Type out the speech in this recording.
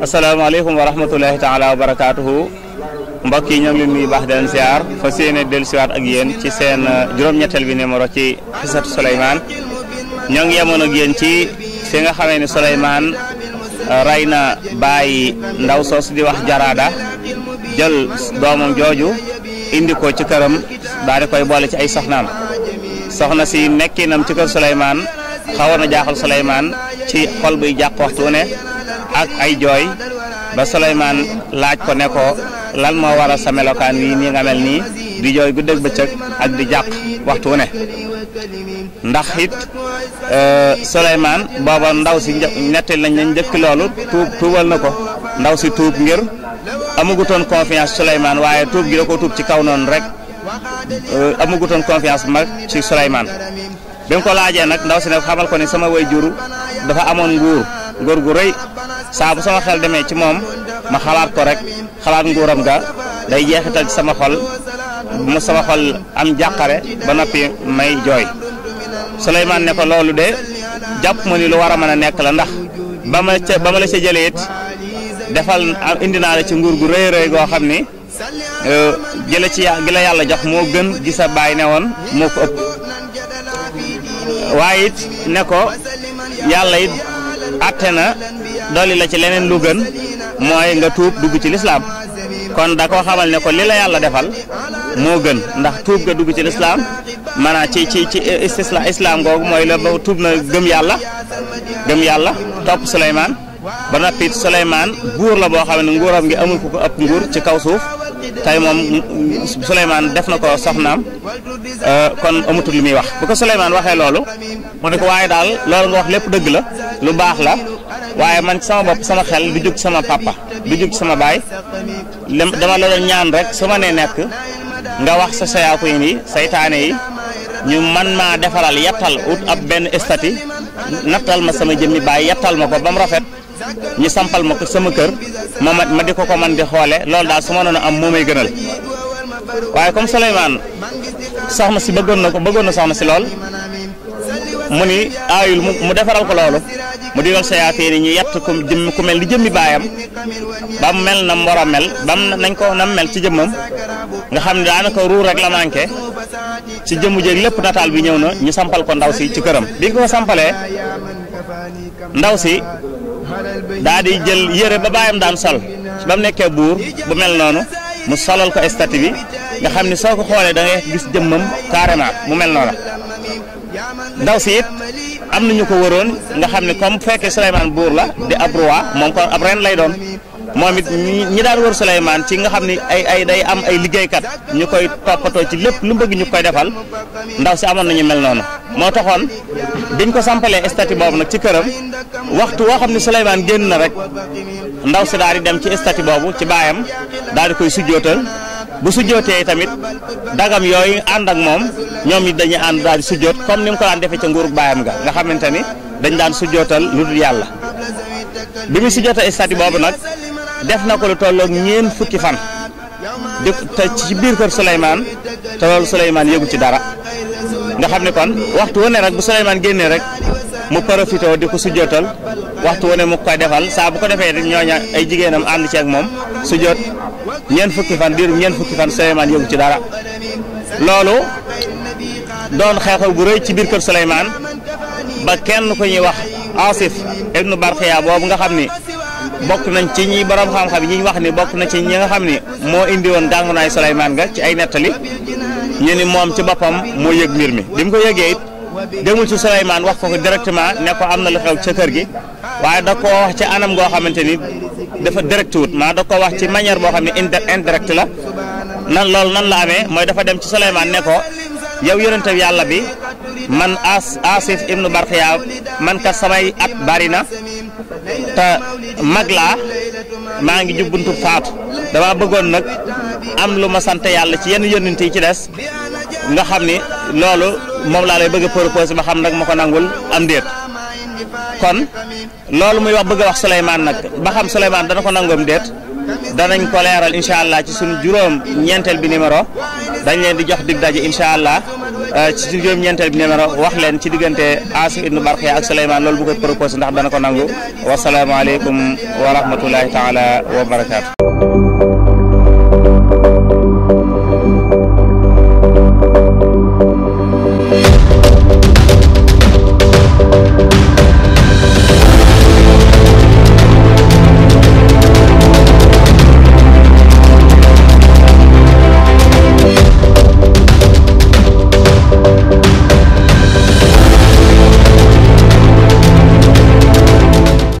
asalaamaaleykum wa rahmatulahi taala wa barakaatuhu mbokk yi ñoo ngi leen nuyu baax di leen ziar fa séene dellusiwaat ak yéen ci seen uh, juróom-ñetteel bi numéro ci xisatu Souleymane ñoo ngi yemoon ak yéen ci fi nga xamee ni Souleymane uh, rey na bàyyi ndaw soos di wax jaraada jël doomam jooju indi ko ci këram daal koy boole ci ay soxnaam soxna si nekkinam ci kër Souleymane xawoon jaaxal Souleymane ci xol buy jàq waxtu ak ay jooy ba Souleymane laaj ko ne ko lan moo waral sa melokaan wii nii nga mel nii di jooy ba bëccëg ak di jàq waxtu ne ndax it euh, Souleymane booba ndaw si nettali nañ lañ njëkki loolu tuub tuubal na ko ndaw si tuub ngir amagutoon confiance Souleymane waaye tuub gi ko tuub ci kaw noonu rek euh, amagutoon confiance bu mag ci Souleymane bi ko laajee nag ndaw si ne xamal ko ni sama way juru dafa amoon nguur nguur gu saa bu sama xel demee ci moom ma xalaat ko rek xalaat nguuram ga day jeexital ci sama xol mu sama xol am jàqare ba noppi may jooy Souleymane ne ko loolu de jàpp ma ni lu war a mën a nekk la ndax ba ma ca ba ma la ca jëlee defal indi naa la ci nguur gu rëy rëy goo xam ni jële euh, ci gi la yàlla jox moo gën gisa baay ne woon moo ko ne ko yàlla it àtte na dolli la ci leneen lu gën mooy nga tuub dugg ci lislaam kon da koo xamal ne ko li la yàlla defal moo gën ndax tuub nga dugg ci lislaam maanaam ci ci ci istisla islaam googu mooy la ba tuub na gëm yàlla gëm yàlla topp Suleymaan ba noppi Suleymaan buur la boo xam ne nguuram ngi amul ku ko ëpp nguur ci kaw suuf tey moom Suleymaan def na ko soxnaam euh, kon amatul lu muy wax bu ko Suleymaan waxee loolu mu ne ko waaye daal loolu nga wax lépp dëgg la lu baax la waaye man sama bopp sama xel du jóg sama pàppa du jub sama baay dama la doon ñaan rek su ma nee nekk nga wax sa sayaaku yi nii saytaane yi ñu man maa defaral yattal ut ab benn estati nattal ma sama jëmmi baay yattal ma ko ba rafet ñu sampal ma ko sama kër ma ma di ko ko man di xoole loolu daal su ma noonu am moo may gënal waaye comme Souleymane soxna si bëggoon na ko bëggoon na sax soxna si lool mu ni aayul mu defaral ko loolu mu di wax sayaatéer ñu yett ku jëm ku mel ni jëmmi baayam ba mu mel na mu war mel ba mu nañ ko nam mel ci jëmmam nga xam ne daanaka ruur rek ci jëmmu jéeg lépp nataal bi ñëw na ñu sampal ko ndaw si ci këram bi nga ko sampalee ndaw si daa di jël yére ba baayam daan sol ba mu nekkee buur bu mel noonu mu solal ko statue bi nga xam ni soo ko xoolee da gis jëmmam carrément mu mel noonu ndaw si it am na ñu ko waroon nga xam ne comme fekkee Souleymane buur la di ab roi moom kon ab ren lay doon moom it ñi daan wër Souleymane ci nga xam ne ay ay day am ay liggéeykat ñu koy toppatoo ci lépp lu bëgg ñu koy defal ndaw si amoon nañu mel noonu moo taxoon biñ ko sampalee statue boobu nag ci këram waxtu woo xam ne Souleymane génn na rek ndaw si daal di dem ci statue boobu ci baayam daal di koy sujjootal bu sujjootee tamit dagam yooyu ànd ak moom ñoom it dañuy ànd daal di sujjoot comme ni mu ko daan defee ca nguurug baayam ga nga xamante ni dañ daan sujjootal lu dul yàlla bi mu sujjootal statut boobu nag def na ko lu tolloog ñeen fukki fan di te ci biir kër Souleymane te loolu Souleymane yëgu ci dara nga xam ne kon waxtu wu ne rek bu Souleymane génnee rek mu profité di ko sujjootal waxtu wu ne mu koy defal saa bu ko defee ñooña ay jigéenam ànd ci moom su jot ñeent fukki fan diirum ñeent fukki fan Souleymane yëgu ci dara loolu doon xew-xew bu rëy ci biir kër Souleymane ba kenn ko ñuy wax Asif ibnu Barxiya boobu nga xam ni bokk nañ ci ñi borom xam-xam ñi ñu wax ni bokk na ci ñi nga xam ni moo indi woon gàngunaay Souleymane nga ci ay nettali ñu ni moom ci boppam moo yëg mbir mi bi mu ko yëgee it ci Souleymane wax ko gi waaye da koo wax ci anam goo xamante ni dafa direct wut maa da koo wax ci manière boo xam ne indirect la nan loolu nan la ame mooy dafa dem ci Souleymane ne ko yow yonente yàlla bi man as asif ibnu barxiya man kat samay at bari na mag laa maa ngi jubbuntu faatu dama bëggoon nag am lu ma sant yàlla ci yenn yonent yi ci des nga xam ni loolu moom laa lay bëgg a ma xam nag moo ko nangul am déet kon loolu muy wax bëgg a wax Souleymane nag ba xam Souleymane dana ko nangoom déet danañ ko leeral incha allah ci suñu juróom ñeenteel bi numéro dañ leen di jox dig daje incha allah euh, ci suñu juróom ñeenteel bi numéro wax leen ci diggante Asif ibnu Barxiya ak Souleymane loolu bu koy proposé ndax dana ko nangu wasalaamaaleykum wa rahmatullahi taala wa